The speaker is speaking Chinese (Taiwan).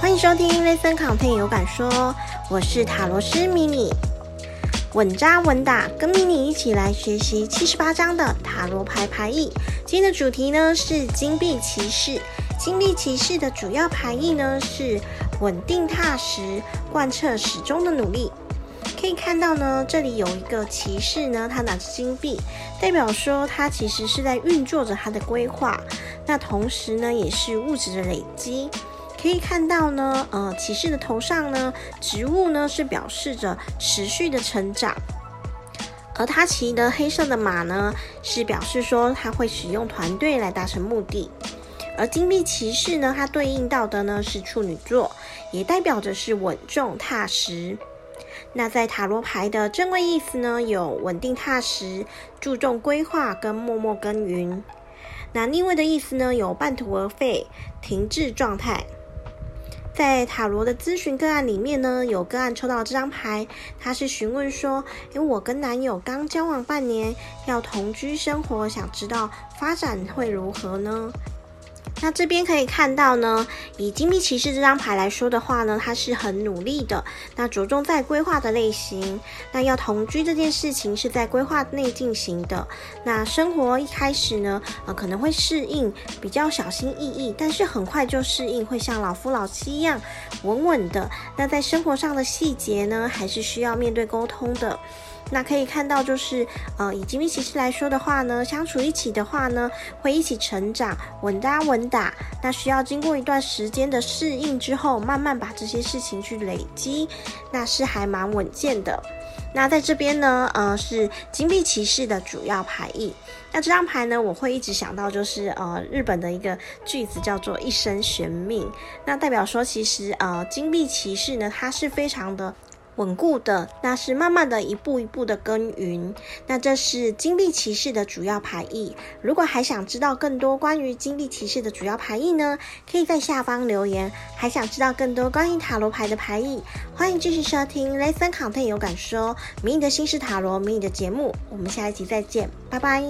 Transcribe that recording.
歡迎收聽《ListenContent 有感說》，我是塔羅師迷你。穩紮穩打，跟迷你一起來學習七十八張的塔羅牌牌意。今天的主題呢是金幣騎士，金幣騎士的主要牌意呢是穩定踏實、貫徹始終的努力。可以看到呢，這裡有一個騎士呢，他拿着金幣，代表說他其實是在運作着他的規劃，那同時呢也是物質的累積。可以看到呢，呃，騎士的頭上呢，植物呢是表示着持續的成長，而他騎的黑色的馬呢，是表示說他會使用團隊來達成目的。而金幣騎士呢，它對應到的呢是處女座，也代表着是穩重踏實。那在塔羅牌的正位意思呢，有穩定踏實、注重規劃跟默默耕耘。那逆位的意思呢，有半途而廢、停滯狀態。在塔羅的諮詢個案裡面呢，有個案抽到了這張牌，他是詢問說：“因為，我跟男友剛交往半年，要同居生活，想知道發展會如何呢？”那這邊可以看到呢，以金幣騎士這張牌來說的話呢，他是很努力的，那着重在規劃的類型。那要同居這件事情是在規劃內進行的。那生活一開始呢，呃，可能會適應比較小心翼翼，但是很快就適應，會像老夫老妻一樣穩穩的。那在生活上的細節呢，還是需要面對溝通的。那可以看到，就是呃，以金幣騎士來說的話呢，相處一起的話呢，會一起成長，穩紮穩打。那需要經過一段時間的適應之後，慢慢把這些事情去累積，那是還蠻穩健的。那在這邊呢，呃，是金幣騎士的主要牌意。那這張牌呢，我會一直想到，就是呃，日本的一個句子叫做“一生懸命”，那代表說其實呃，金幣騎士呢，它是非常的。穩固的，那是慢慢的一步一步的耕耘。那這是金幣騎士的主要牌意。如果還想知道更多關於金幣騎士的主要牌意呢？可以在下方留言。還想知道更多關於塔羅牌的牌意，歡迎繼續收聽 Listen Content 有感說迷你的心事塔羅迷你的節目。我們下一集再見，拜拜。